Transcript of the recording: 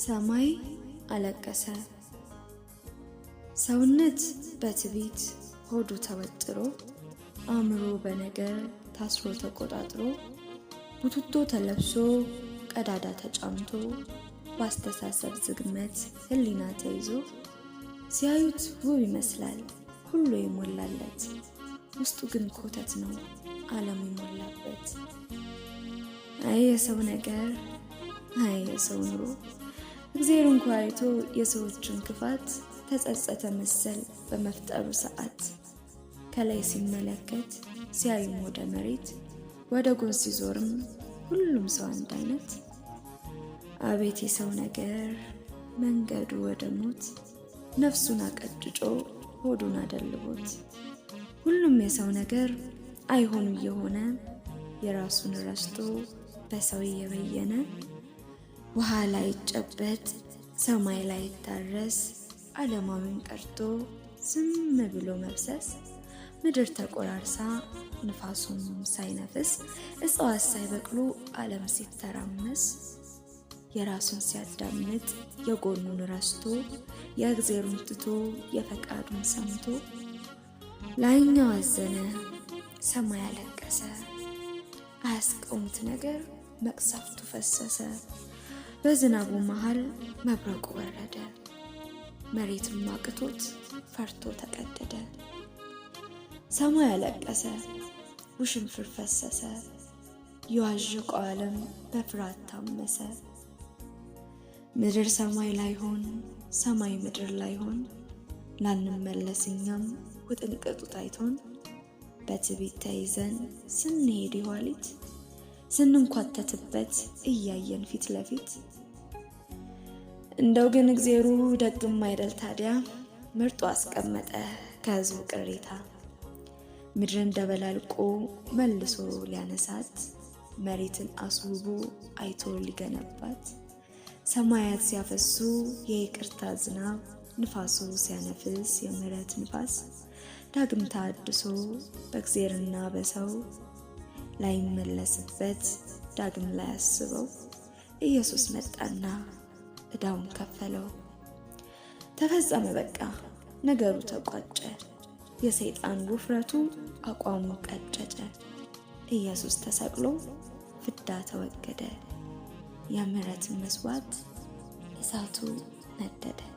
ሰማይ አለቀሰ። ሰውነት በትቢት ሆዱ ተወጥሮ አእምሮ በነገር ታስሮ ተቆጣጥሮ ቡትቶ ተለብሶ ቀዳዳ ተጫምቶ በአስተሳሰብ ዝግመት ህሊና ተይዞ ሲያዩት ውብ ይመስላል ሁሉ የሞላለት ውስጡ ግን ኮተት ነው ዓለም የሞላበት። አይ የሰው ነገር፣ አይ የሰው ኑሮ እግዜር እንኳ አይቶ የሰዎችን ክፋት ተጸጸተ መሰል በመፍጠሩ ሰዓት ከላይ ሲመለከት ሲያዩም ወደ መሬት ወደ ጎን ሲዞርም ሁሉም ሰው አንድ አይነት። አቤት የሰው ነገር መንገዱ ወደ ሞት ነፍሱን አቀጭጮ ሆዱን አደልቦት ሁሉም የሰው ነገር አይሆን እየሆነ የራሱን ረስቶ በሰው እየበየነ ውሃ ላይ ጨበጥ ሰማይ ላይ ይታረስ ዓለማዊን ቀርቶ ዝም ብሎ መብሰስ ምድር ተቆራርሳ ንፋሱም ሳይነፍስ እጽዋት ሳይበቅሉ ዓለም ሲተራመስ የራሱን ሲያዳምጥ የጎኑን ረስቶ የእግዜሩን ትቶ የፈቃዱን ሰምቶ ላይኛው አዘነ፣ ሰማይ አለቀሰ፣ አያስቀውምት ነገር መቅሰፍቱ ፈሰሰ። በዝናቡ መሃል መብረቁ ወረደ። መሬትም አቅቶት ፈርቶ ተቀደደ። ሰማይ አለቀሰ፣ ውሽንፍር ፈሰሰ። የዋዥቆ ዓለም በፍርሃት ታመሰ። ምድር ሰማይ ላይ ሆን፣ ሰማይ ምድር ላይ ሆን፣ ላንመለስ እኛም ውጥንቅጡ ታይቶን በትቢት ተይዘን ስንሄድ ይኋሊት። ስንንኳተትበት እያየን ፊት ለፊት እንደው ግን እግዜሩ ደግም አይደል ታዲያ ምርጡ አስቀመጠ ከህዝቡ ቅሬታ ምድርን ደበላልቆ መልሶ ሊያነሳት መሬትን አስውቦ አይቶ ሊገነባት ሰማያት ሲያፈሱ የይቅርታ ዝናብ ንፋሱ ሲያነፍስ የምህረት ንፋስ ዳግም ታድሶ በእግዜርና በሰው ላይመለስበት ዳግም ላያስበው ኢየሱስ መጣና እዳውን ከፈለው። ተፈጸመ፣ በቃ ነገሩ ተቋጨ። የሰይጣን ውፍረቱ አቋሙ ቀጨጨ። ኢየሱስ ተሰቅሎ ፍዳ ተወገደ። የምሕረት መስዋዕት እሳቱ ነደደ።